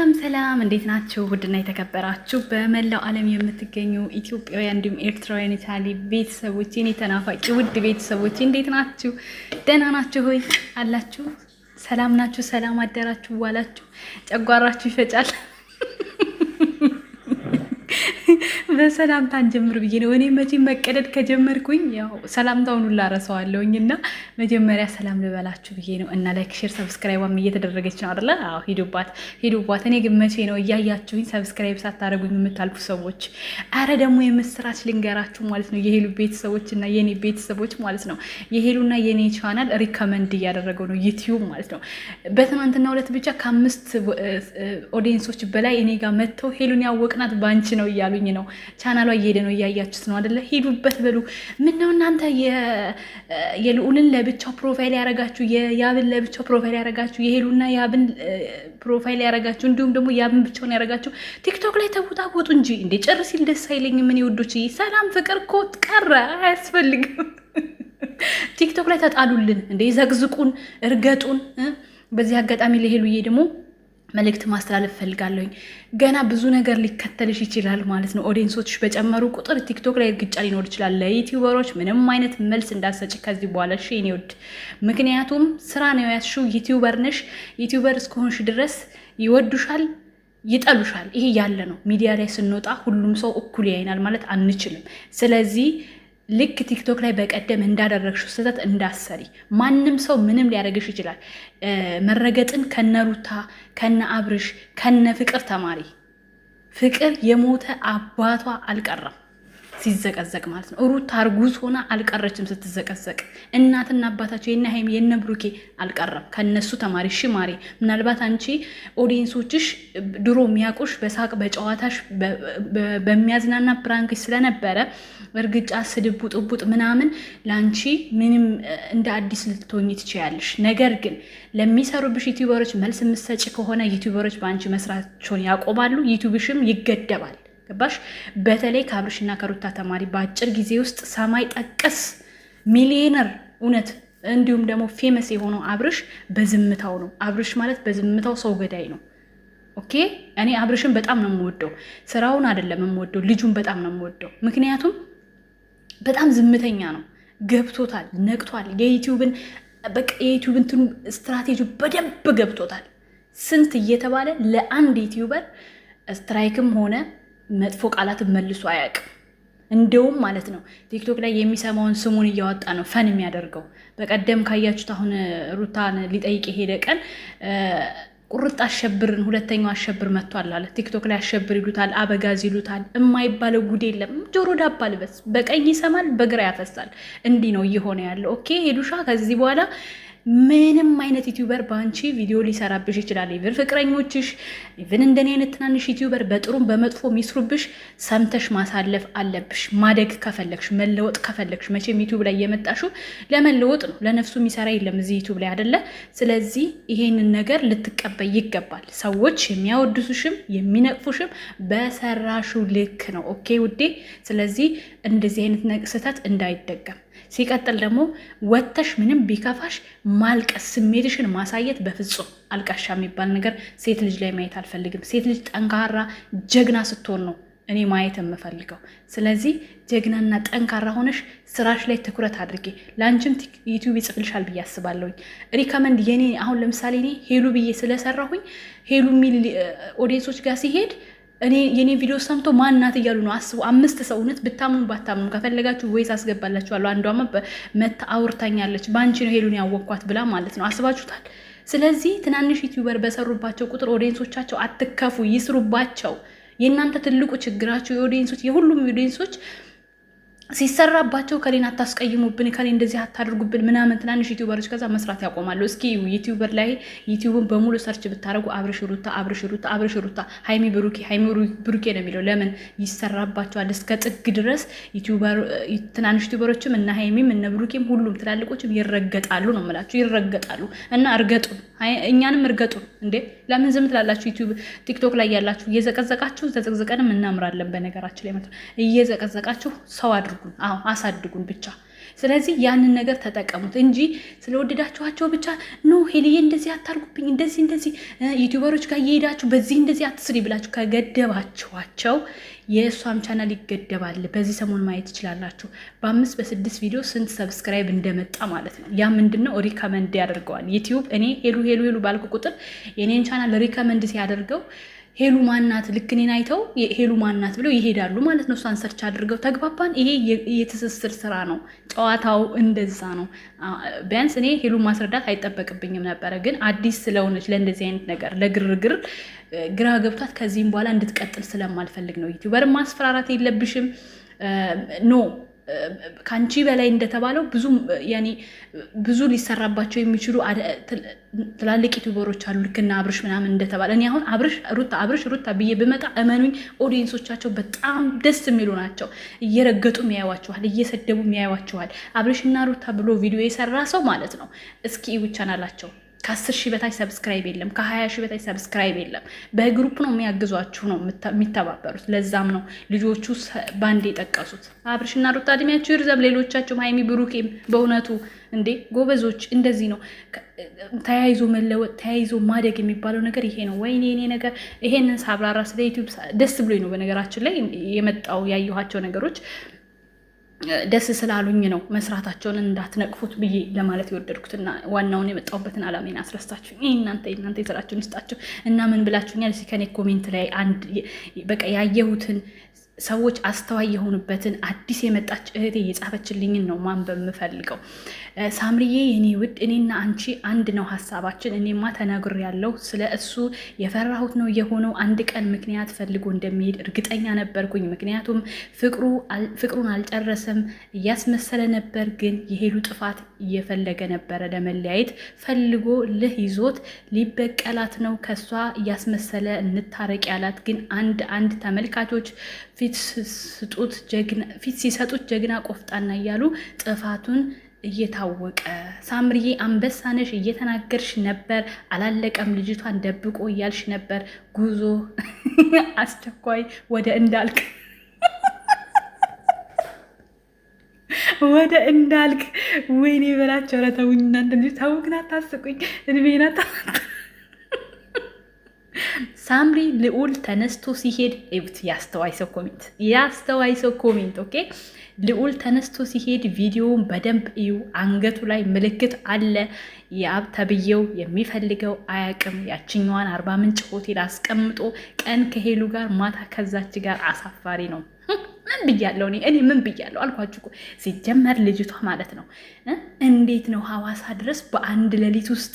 ሰላም ሰላም፣ እንዴት ናችሁ? ውድና የተከበራችሁ በመላው ዓለም የምትገኙ ኢትዮጵያውያን እንዲሁም ኤርትራውያን የቻሊ ቤተሰቦች፣ የኔ ተናፋቂ ውድ ቤተሰቦች እንዴት ናችሁ? ደህና ናችሁ ሆይ? አላችሁ? ሰላም ናችሁ? ሰላም አደራችሁ? ዋላችሁ? ጨጓራችሁ ይፈጫል? በሰላምታ እንጀምር ብዬ ነው። እኔ መቼም መቀደድ ከጀመርኩኝ ያው ሰላምታውን ሁላ እና መጀመሪያ ሰላም ልበላችሁ ብዬ ነው። እና ላይክ፣ ሼር፣ ሰብስክራይቧም እየተደረገች ነው አይደለ? አዎ ሂዱባት፣ ሂዱባት። እኔ ግን መቼ ነው እያያችሁኝ ሰብስክራይብ ሳታደረጉኝ የምታልፉ ሰዎች? አረ ደግሞ የምስራች ልንገራችሁ ማለት ነው የሄሉ ቤተሰቦች እና የኔ ቤተሰቦች ማለት ነው። የሄሉና የኔ ቻናል ሪከመንድ እያደረገው ነው ዩትዩብ ማለት ነው። በትናንትና ሁለት ብቻ ከአምስት ኦዲየንሶች በላይ እኔ ጋር መጥተው ሄሉን ያወቅናት ባንቺ ነው እያሉኝ ነው። ቻናሏ እየሄደ ነው፣ እያያችሁት ነው አደለ? ሄዱበት በሉ። ምን ነው እናንተ የልዑልን ለብቻው ፕሮፋይል ያረጋችሁ፣ የያብን ለብቻው ፕሮፋይል ያረጋችሁ፣ የሄሉና ያብን ፕሮፋይል ያረጋችሁ፣ እንዲሁም ደግሞ ያብን ብቻውን ያረጋችሁ ቲክቶክ ላይ ተቦጣቦጡ እንጂ እንደ ጭር ሲል ደስ አይለኝም ምን ውዶች። ሰላም ፍቅር እኮ ቀረ፣ አያስፈልግም። ቲክቶክ ላይ ተጣሉልን እንደ ዘግዝቁን፣ እርገጡን። በዚህ አጋጣሚ ለሄሉዬ ደግሞ መልእክት ማስተላለፍ ፈልጋለሁኝ። ገና ብዙ ነገር ሊከተልሽ ይችላል ማለት ነው። ኦዲየንሶች በጨመሩ ቁጥር ቲክቶክ ላይ እርግጫ ሊኖር ይችላል። ለዩቲዩበሮች ምንም አይነት መልስ እንዳሰጭ ከዚህ በኋላ ሽ ኔወድ ምክንያቱም ስራ ነው ያሹ ዩቲዩበር ነሽ። ዩቲዩበር እስከሆንሽ ድረስ ይወዱሻል፣ ይጠሉሻል። ይሄ ያለ ነው። ሚዲያ ላይ ስንወጣ ሁሉም ሰው እኩል ያይናል ማለት አንችልም። ስለዚህ ልክ ቲክቶክ ላይ በቀደም እንዳደረግሽው ስህተት እንዳሰሪ። ማንም ሰው ምንም ሊያደርግሽ ይችላል። መረገጥን ከነ ሩታ ከነ አብርሽ ከነ ፍቅር ተማሪ። ፍቅር የሞተ አባቷ አልቀረም። ሲዘቀዘቅ ማለት ነው። ሩት አርጉዝ ሆና አልቀረችም ስትዘቀዘቅ። እናትና አባታቸው የነ ሀይሚ የነ ብሩኬ አልቀረም። ከነሱ ተማሪ ሽማሬ። ምናልባት አንቺ ኦዲየንሶችሽ ድሮ የሚያውቁሽ በሳቅ በጨዋታሽ በሚያዝናና ፕራንክሽ ስለነበረ እርግጫ፣ ስድቡ፣ ጥቡጥ ምናምን ለአንቺ ምንም እንደ አዲስ ልትሆኝ ትችያለሽ። ነገር ግን ለሚሰሩብሽ ዩቲዩበሮች መልስ የምትሰጪ ከሆነ ዩቲዩበሮች በአንቺ መስራቸውን ያቆማሉ። ዩቲዩብሽም ይገደባል። ገባሽ? በተለይ ከአብርሽና ከሩታ ተማሪ በአጭር ጊዜ ውስጥ ሰማይ ጠቀስ ሚሊዮነር እውነት እንዲሁም ደግሞ ፌመስ የሆነው አብርሽ በዝምታው ነው። አብርሽ ማለት በዝምታው ሰው ገዳይ ነው። ኦኬ እኔ አብርሽን በጣም ነው የምወደው፣ ስራውን አይደለም የምወደው፣ ልጁን በጣም ነው የምወደው። ምክንያቱም በጣም ዝምተኛ ነው። ገብቶታል፣ ነቅቷል። የዩቲዩብን በቃ የዩቲዩብን እንትኑ ስትራቴጂ በደንብ ገብቶታል። ስንት እየተባለ ለአንድ ዩቲዩበር ስትራይክም ሆነ መጥፎ ቃላትን መልሶ አያውቅም። እንደውም ማለት ነው ቲክቶክ ላይ የሚሰማውን ስሙን እያወጣ ነው ፈን የሚያደርገው። በቀደም ካያችሁት አሁን ሩታን ሊጠይቅ የሄደ ቀን ቁርጥ አሸብርን ሁለተኛው አሸብር መጥቷል አለ። ቲክቶክ ላይ አሸብር ይሉታል፣ አበጋዝ ይሉታል። የማይባለው ጉድ የለም። ጆሮ ዳባ ልበስ፣ በቀኝ ይሰማል፣ በግራ ያፈሳል። እንዲህ ነው እየሆነ ያለው። ኦኬ ሄዱሻ ከዚህ በኋላ ምንም አይነት ዩቲዩበር በአንቺ ቪዲዮ ሊሰራብሽ ይችላል። ኢቨን ፍቅረኞችሽ፣ ኢቨን እንደኔ አይነት ትናንሽ ዩቲዩበር በጥሩም በመጥፎ የሚስሩብሽ ሰምተሽ ማሳለፍ አለብሽ። ማደግ ከፈለግሽ፣ መለወጥ ከፈለግሽ፣ መቼም ዩቲዩብ ላይ የመጣሽው ለመለወጥ ነው። ለነፍሱ የሚሰራ የለም እዚህ ዩቲዩብ ላይ አደለ። ስለዚህ ይሄንን ነገር ልትቀበይ ይገባል። ሰዎች የሚያወድሱሽም የሚነቅፉሽም በሰራሹ ልክ ነው። ኦኬ ውዴ። ስለዚህ እንደዚህ አይነት ስህተት እንዳይደገም ሲቀጥል ደግሞ ወተሽ ምንም ቢከፋሽ ማልቀስ፣ ስሜትሽን ማሳየት በፍጹም አልቃሻ የሚባል ነገር ሴት ልጅ ላይ ማየት አልፈልግም። ሴት ልጅ ጠንካራ ጀግና ስትሆን ነው እኔ ማየት የምፈልገው። ስለዚህ ጀግናና ጠንካራ ሆነሽ ስራሽ ላይ ትኩረት አድርጌ ለአንቺም ዩቲዩብ ይጽፍልሻል ብዬ አስባለሁኝ። ሪከመንድ የኔ አሁን ለምሳሌ እኔ ሄሉ ብዬ ስለሰራሁኝ ሄሉ የሚል ኦዲየንሶች ጋር ሲሄድ እኔ የኔ ቪዲዮ ሰምቶ ናት እያሉ ነው አስቡ። አምስት ሰው እውነት ብታምኑ ባታምኑ ከፈለጋችሁ ወይስ አስገባላችኋለሁ። አንዷማ መታ አውርታኛለች በአንቺ ነው ሄሉን ያወቅኳት ብላ ማለት ነው። አስባችሁታል? ስለዚህ ትናንሽ ዩቲዩበር በሰሩባቸው ቁጥር ኦዲየንሶቻቸው አትከፉ፣ ይስሩባቸው። የእናንተ ትልቁ ችግራቸው የኦዲየንሶች የሁሉም ኦዲየንሶች ሲሰራባቸው ከሌን አታስቀይሙብን ከሌ እንደዚህ አታደርጉብን ምናምን ትናንሽ ዩቲዩበሮች ከዛ መስራት ያቆማሉ። እስኪ ዩቲዩበር ላይ ዩቲዩብን በሙሉ ሰርች ብታደረጉ አብርሽ ሩታ፣ አብርሽ ሩታ፣ አብርሽ ሩታ፣ ሀይሚ ብሩኬ፣ ሀይሚ ብሩኬ ነው የሚለው። ለምን ይሰራባቸዋል እስከ ጥግ ድረስ። ትናንሽ ዩቲዩበሮችም እና ሀይሚም እነ ብሩኬም ሁሉም ትላልቆችም ይረገጣሉ ነው የምላቸው፣ ይረገጣሉ። እና እርገጡ፣ እኛንም እርገጡ። እንዴ ለምን ዝም ትላላችሁ? ዩቲዩብ ቲክቶክ ላይ ያላችሁ እየዘቀዘቃችሁ፣ ዘቅዝቀንም እናምራለን። በነገራችን ላይ እየዘቀዘቃችሁ ሰው አድርጉ አሳድጉን። አዎ አሳድጉን ብቻ። ስለዚህ ያንን ነገር ተጠቀሙት እንጂ ስለወደዳችኋቸው ብቻ ኖ ሄልዬ እንደዚህ አታርጉብኝ፣ እንደዚህ እንደዚህ ዩቲዩበሮች ጋር እየሄዳችሁ በዚህ እንደዚህ አትስሪ ብላችሁ ከገደባችኋቸው የእሷም ቻናል ይገደባል። በዚህ ሰሞን ማየት ትችላላችሁ። በአምስት በስድስት ቪዲዮ ስንት ሰብስክራይብ እንደመጣ ማለት ነው። ያ ምንድን ነው ሪከመንድ ያደርገዋል ዩቲዩብ። እኔ ሄሉ ሄሉ ሄሉ ባልኩ ቁጥር የኔን ቻናል ሪከመንድ ሲያደርገው ሄሉ ማናት ልክ እኔን አይተው ሄሉ ማናት ብለው ይሄዳሉ ማለት ነው። እሷን ሰርች አድርገው ተግባባን። ይሄ የትስስር ስራ ነው። ጨዋታው እንደዛ ነው። ቢያንስ እኔ ሄሉ ማስረዳት አይጠበቅብኝም ነበረ፣ ግን አዲስ ስለሆነች ለእንደዚህ አይነት ነገር ለግርግር ግራ ገብቷት ከዚህም በኋላ እንድትቀጥል ስለማልፈልግ ነው። ዩቲዩበርም ማስፈራራት የለብሽም ኖ ከአንቺ በላይ እንደተባለው ብዙ ብዙ ሊሰራባቸው የሚችሉ ትላልቅ ዩቱበሮች አሉ። ልክና አብርሽ ምናምን እንደተባለ እኔ አሁን አብርሽ ሩታ አብርሽ ሩታ ብዬ ብመጣ እመኑኝ ኦዲየንሶቻቸው በጣም ደስ የሚሉ ናቸው። እየረገጡ ያዩዋቸዋል፣ እየሰደቡ ያዩዋቸዋል። አብርሽና ሩታ ብሎ ቪዲዮ የሰራ ሰው ማለት ነው። እስኪ ዩቻናላቸው ከአስር ሺህ በታች ሰብስክራይብ የለም። ከሀያ ሺህ በታች ሰብስክራይብ የለም። በግሩፕ ነው የሚያግዟችሁ ነው የሚተባበሩት። ለዛም ነው ልጆቹ ባንድ የጠቀሱት አብርሽና ሩታ እድሜያቸው ይርዘም፣ ሌሎቻቸውም ሀይሚ ብሩኬም። በእውነቱ እንዴ ጎበዞች፣ እንደዚህ ነው ተያይዞ መለወጥ፣ ተያይዞ ማደግ የሚባለው ነገር ይሄ ነው። ወይኔ እኔ ነገር ይሄንን ሳብራራ ስለ ዩቲዩብ ደስ ብሎኝ ነው በነገራችን ላይ የመጣው ያየኋቸው ነገሮች ደስ ስላሉኝ ነው መስራታቸውን እንዳትነቅፉት ብዬ ለማለት የወደድኩትና ዋናውን የመጣሁበትን አላሜን አስረስታችሁ እናንተ እናንተ የዘራችሁን ይስጣችሁ እና ምን ብላችሁኛል? ከኔ ኮሜንት ላይ አንድ በቃ ያየሁትን ሰዎች አስተዋይ የሆኑበትን አዲስ የመጣች እህቴ የጻፈችልኝን ነው ማንበብ የምፈልገው። ሳምሪዬ የኔ ውድ፣ እኔና አንቺ አንድ ነው ሀሳባችን። እኔማ ተናግር ያለው ስለ እሱ የፈራሁት ነው የሆነው። አንድ ቀን ምክንያት ፈልጎ እንደሚሄድ እርግጠኛ ነበርኩኝ። ምክንያቱም ፍቅሩን አልጨረሰም፣ እያስመሰለ ነበር። ግን የሄሉ ጥፋት እየፈለገ ነበረ፣ ለመለያየት ፈልጎ ልህ ይዞት ሊበቀላት ነው። ከሷ እያስመሰለ እንታረቅ ያላት ግን አንድ አንድ ተመልካቾች ፊት ፊት ሲሰጡት ጀግና ቆፍጣና እያሉ ጥፋቱን እየታወቀ ሳምርዬ አንበሳነሽ እየተናገርሽ ነበር። አላለቀም ልጅቷን ደብቆ እያልሽ ነበር። ጉዞ አስቸኳይ ወደ እንዳልክ ወደ እንዳልክ ወይኔ በላቸው። ኧረ ተውኝ እናንተ ልጅ አታስቁኝ ታስቁኝ እድሜና ሳምሪ ልዑል ተነስቶ ሲሄድ እዩት። ያስተዋይ ሰው ኮሜንት፣ ያስተዋይ ሰው ኮሜንት። ኦኬ ልዑል ተነስቶ ሲሄድ ቪዲዮውን በደንብ እዩ። አንገቱ ላይ ምልክት አለ። የአብ ተብዬው የሚፈልገው አያቅም። ያችኛዋን አርባ ምንጭ ሆቴል አስቀምጦ ቀን ከሄሉ ጋር ማታ ከዛች ጋር አሳፋሪ ነው። ምን ብያለሁ እኔ እኔ ምን ብያለሁ አልኳችሁ ሲጀመር ልጅቷ ማለት ነው እንዴት ነው ሐዋሳ ድረስ በአንድ ሌሊት ውስጥ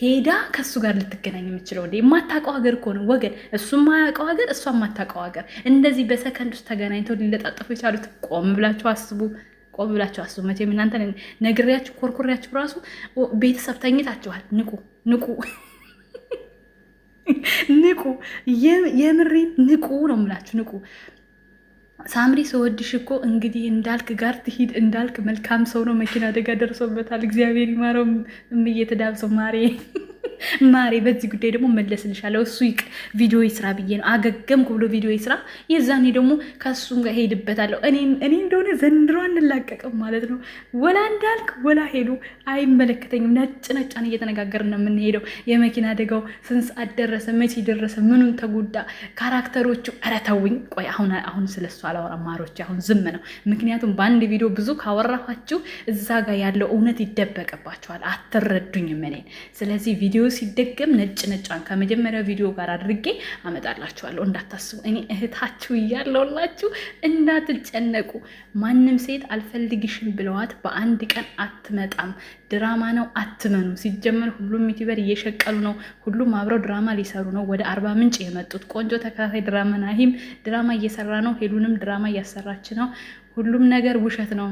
ሄዳ ከእሱ ጋር ልትገናኝ የምችለው እንዴ? የማታውቀው ሀገር እኮ ነው ወገን፣ እሱ የማያውቀው ሀገር፣ እሷ የማታውቀው ሀገር። እንደዚህ በሰከንድ ውስጥ ተገናኝተው ሊለጣጠፉ የቻሉት ቆም ብላችሁ አስቡ። ቆም ብላችሁ አስቡ። መቼም እናንተ ነግሬያችሁ ኮርኮሪያችሁ ራሱ ቤተሰብ ተኝታችኋል። ንቁ ንቁ ንቁ፣ የምሬን ንቁ ነው የምላችሁ ንቁ። ሳምሪ ስወድሽ እኮ እንግዲህ እንዳልክ ጋር ትሂድ እንዳልክ መልካም ሰው ነው። መኪና አደጋ ደርሶበታል። እግዚአብሔር ይማረው። እምዬ ተዳብሰው ማሬ ማሬ በዚህ ጉዳይ ደግሞ መለስልሻለሁ። እሱ ይቅ ቪዲዮ ይስራ ብዬ ነው አገገምኩ ብሎ ቪዲዮ ይስራ። የዛኔ ደግሞ ከሱም ጋር ሄድበታለሁ። እኔ እንደሆነ ዘንድሮ አንላቀቅም ማለት ነው። ወላ እንዳልክ ወላ ሄዱ አይመለከተኝም። ነጭ ነጫን እየተነጋገርን ነው የምንሄደው። የመኪና አደጋው ስንት ሰዓት ደረሰ? መቼ ደረሰ? ምኑን ተጎዳ? ካራክተሮቹ ኧረ ተውኝ። ቆይ አሁን አሁን ስለሱ አላወራም ማሮች፣ አሁን ዝም ነው። ምክንያቱም በአንድ ቪዲዮ ብዙ ካወራኋችሁ እዛ ጋር ያለው እውነት ይደበቅባችኋል። አትረዱኝም እኔን ስለዚህ ቪዲዮ ሲደገም ነጭ ነጫን ከመጀመሪያው ቪዲዮ ጋር አድርጌ አመጣላችኋለሁ። እንዳታስቡ እኔ እህታችሁ እያለሁላችሁ እንዳትጨነቁ። ማንም ሴት አልፈልግሽም ብለዋት በአንድ ቀን አትመጣም። ድራማ ነው አትመኑ። ሲጀመር ሁሉም ዩቲዩበር እየሸቀሉ ነው። ሁሉም አብረው ድራማ ሊሰሩ ነው ወደ አርባ ምንጭ የመጡት። ቆንጆ ተከታታይ ድራማ ናሂም ድራማ እየሰራ ነው። ሄሉንም ድራማ እያሰራች ነው። ሁሉም ነገር ውሸት ነው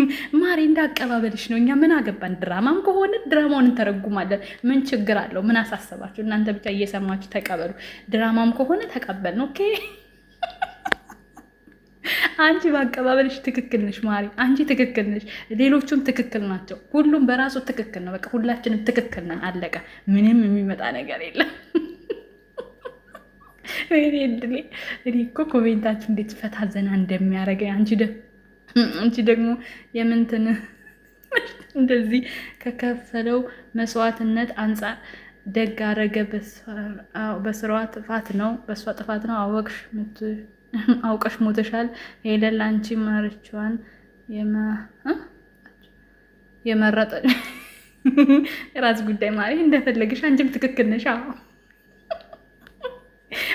ማሬ። እንዳቀባበልሽ ነው። እኛ ምን አገባን? ድራማም ከሆነ ድራማውን እንተረጉማለን። ምን ችግር አለው? ምን አሳሰባችሁ? እናንተ ብቻ እየሰማችሁ ተቀበሉ። ድራማም ከሆነ ተቀበልን። ኦኬ። አንቺ በአቀባበልሽ ትክክል ነሽ ማሪ፣ አንቺ ትክክል ነሽ። ሌሎቹም ትክክል ናቸው። ሁሉም በራሱ ትክክል ነው። በቃ ሁላችንም ትክክል ነን። አለቀ። ምንም የሚመጣ ነገር የለም። ወይኔ እድሌ። እኔ እኮ ኮሜንታችሁ እንዴት ፈታ ዘና እንደሚያደርገኝ አንቺ አንቺ ደግሞ የምንትን እንደዚህ ከከፈለው መስዋዕትነት አንጻር ደግ አረገ። በስሯ ጥፋት ነው በእሷ ጥፋት ነው አወቅሽ አውቀሽ ሞተሻል። ሄለን ለአንቺ መርቿን የመረጠ የራስ ጉዳይ ማለት እንደፈለግሽ አንቺም ትክክል ነሽ።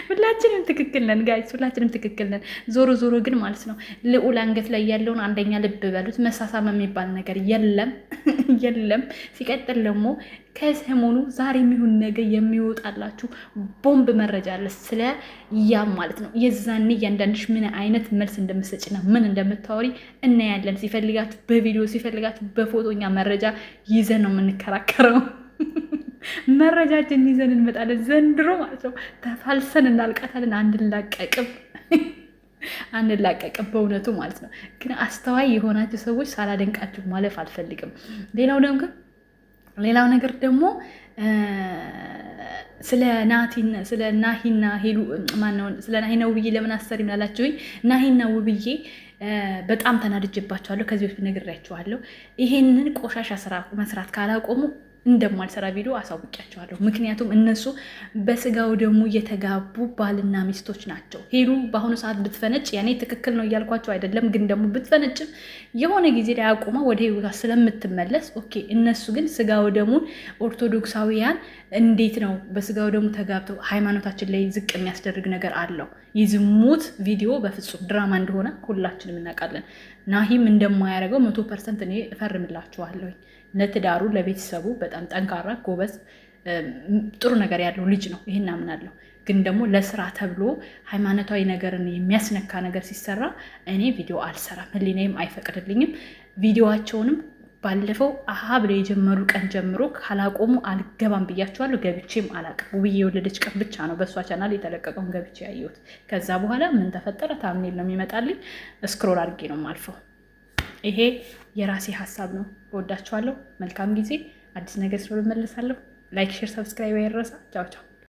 ሁላችንም ትክክል ነን ጋይስ፣ ሁላችንም ትክክል ነን። ዞሮ ዞሮ ግን ማለት ነው ልዑል አንገት ላይ ያለውን አንደኛ ልብ በሉት። መሳሳም የሚባል ነገር የለም የለም። ሲቀጥል ደግሞ ከሰሞኑ ዛሬ የሚሆን ነገ የሚወጣላችሁ ቦምብ መረጃ አለ ስለ ያም ማለት ነው። የዛን እያንዳንድሽ ምን አይነት መልስ እንደምትሰጭና ምን እንደምታወሪ እናያለን። ሲፈልጋችሁ በቪዲዮ ሲፈልጋችሁ በፎቶኛ መረጃ ይዘን ነው የምንከራከረው። መረጃችን ይዘን እንመጣለን። ዘንድሮ ማለት ነው ተፋልሰን እናልቃታለን። አንድንላቀቅም አንላቀቅም በእውነቱ ማለት ነው። ግን አስተዋይ የሆናችሁ ሰዎች ሳላደንቃችሁ ማለፍ አልፈልግም። ሌላው ደግሞ ሌላው ነገር ደግሞ ስለ ስለ ናሂና ሄሉ ማነው ስለ ናሂና ውብዬ ለምን አሰሪ ምላላችሁኝ? ናሂና ውብዬ በጣም ተናድጄባቸዋለሁ። ከዚህ በፊት ነግሬያቸዋለሁ። ይሄንን ቆሻሻ ስራ መስራት ካላቆሙ እንደማልሰራ ቪዲዮ አሳውቂያቸዋለሁ። ምክንያቱም እነሱ በስጋው ደግሞ የተጋቡ ባልና ሚስቶች ናቸው። ሄሉ በአሁኑ ሰዓት ብትፈነጭ ያኔ ትክክል ነው እያልኳቸው አይደለም፣ ግን ደግሞ ብትፈነጭም የሆነ ጊዜ ላይ አቁማ ወደ ህይወቷ ስለምትመለስ ኦኬ። እነሱ ግን ስጋው ደሙን ኦርቶዶክሳዊያን እንዴት ነው በስጋው ደሙ ተጋብተው ሃይማኖታችን ላይ ዝቅ የሚያስደርግ ነገር አለው። የዝሙት ቪዲዮ በፍጹም ድራማ እንደሆነ ሁላችንም እናውቃለን። ናሂም እንደማያደርገው መቶ ፐርሰንት እኔ እፈርምላችኋለሁኝ። ለትዳሩ ለቤተሰቡ በጣም ጠንካራ ጎበዝ ጥሩ ነገር ያለው ልጅ ነው። ይህን አምናለሁ። ግን ደግሞ ለስራ ተብሎ ሃይማኖታዊ ነገርን የሚያስነካ ነገር ሲሰራ እኔ ቪዲዮ አልሰራም፣ ህሊናይም አይፈቅድልኝም። ቪዲዮዋቸውንም ባለፈው አሀ ብለው የጀመሩ ቀን ጀምሮ ካላቆሙ አልገባም ብያቸዋለሁ። ገብቼም አላቅም። ውብዬ የወለደች ቀን ብቻ ነው በእሷ ቻናል የተለቀቀውን ገብቼ ያየሁት። ከዛ በኋላ ምን ተፈጠረ ታምኔል ነው የሚመጣልኝ፣ ስክሮል አድርጌ ነው የማልፈው። ይሄ የራሴ ሀሳብ ነው። እወዳችኋለሁ። መልካም ጊዜ። አዲስ ነገር ስለመለሳለሁ። ላይክ፣ ሼር፣ ሰብስክራይብ አይረሳ። ቻው ቻው።